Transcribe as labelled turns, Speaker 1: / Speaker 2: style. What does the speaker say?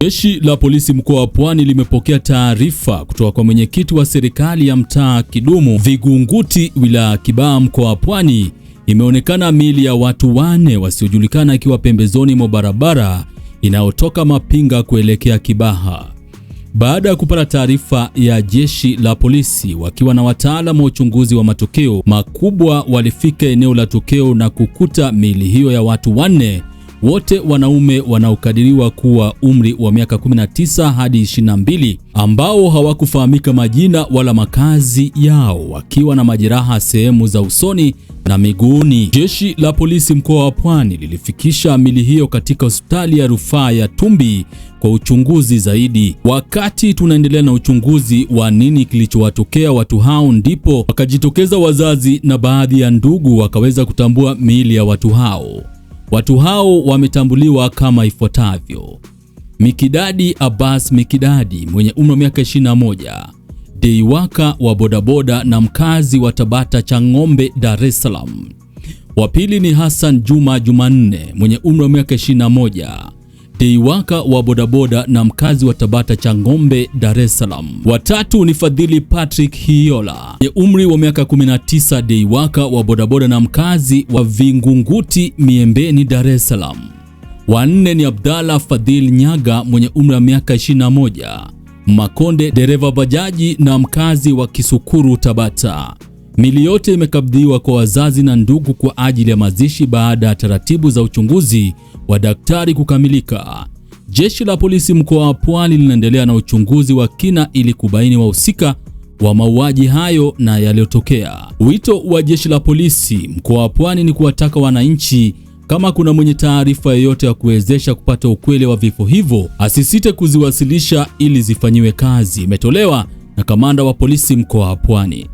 Speaker 1: Jeshi la polisi mkoa wa Pwani limepokea taarifa kutoka kwa mwenyekiti wa serikali ya mtaa Kidumu Vigunguti wilaya Kibaha mkoa wa Pwani. Imeonekana miili ya watu wane wasiojulikana ikiwa pembezoni mwa barabara inayotoka Mapinga kuelekea Kibaha. Baada ya kupata taarifa ya jeshi la polisi, wakiwa na wataalamu wa uchunguzi wa matukio makubwa, walifika eneo la tukio na kukuta miili hiyo ya watu wanne wote wanaume wanaokadiriwa kuwa umri wa miaka 19 hadi 22 ambao hawakufahamika majina wala makazi yao, wakiwa na majeraha sehemu za usoni na miguuni. Jeshi la polisi mkoa wa Pwani lilifikisha mili hiyo katika hospitali ya rufaa ya Tumbi kwa uchunguzi zaidi. Wakati tunaendelea na uchunguzi wa nini kilichowatokea watu hao, ndipo wakajitokeza wazazi na baadhi ya ndugu wakaweza kutambua miili ya watu hao. Watu hao wametambuliwa kama ifuatavyo: Mikidadi Abbas Mikidadi mwenye umri wa miaka 21, deiwaka wa bodaboda na mkazi wa Tabata cha Ng'ombe, Dar es Salaam. Wa pili ni Hassan Juma Jumanne mwenye umri wa miaka 21 Deiwaka wa bodaboda na mkazi wa Tabata Ng'ombe, Dar es Salaam. Watatu ni Fadhili Patrick Hiola ye umri wa miaka 19, Deiwaka wa bodaboda na mkazi wa Vingunguti Miembeni, Dar es Salaam. Wanne ni Abdalla Fadhil Nyaga mwenye umri wa miaka 21, Makonde dereva bajaji na mkazi wa Kisukuru Tabata. Mili yote imekabidhiwa kwa wazazi na ndugu kwa ajili ya mazishi baada ya taratibu za uchunguzi wa daktari kukamilika. Jeshi la polisi mkoa wa Pwani linaendelea na uchunguzi wa kina ili kubaini wahusika wa mauaji hayo na yaliyotokea. Wito wa jeshi la polisi mkoa wa Pwani ni kuwataka wananchi, kama kuna mwenye taarifa yoyote ya kuwezesha kupata ukweli wa vifo hivyo, asisite kuziwasilisha ili zifanyiwe kazi. Imetolewa na kamanda wa polisi mkoa wa Pwani.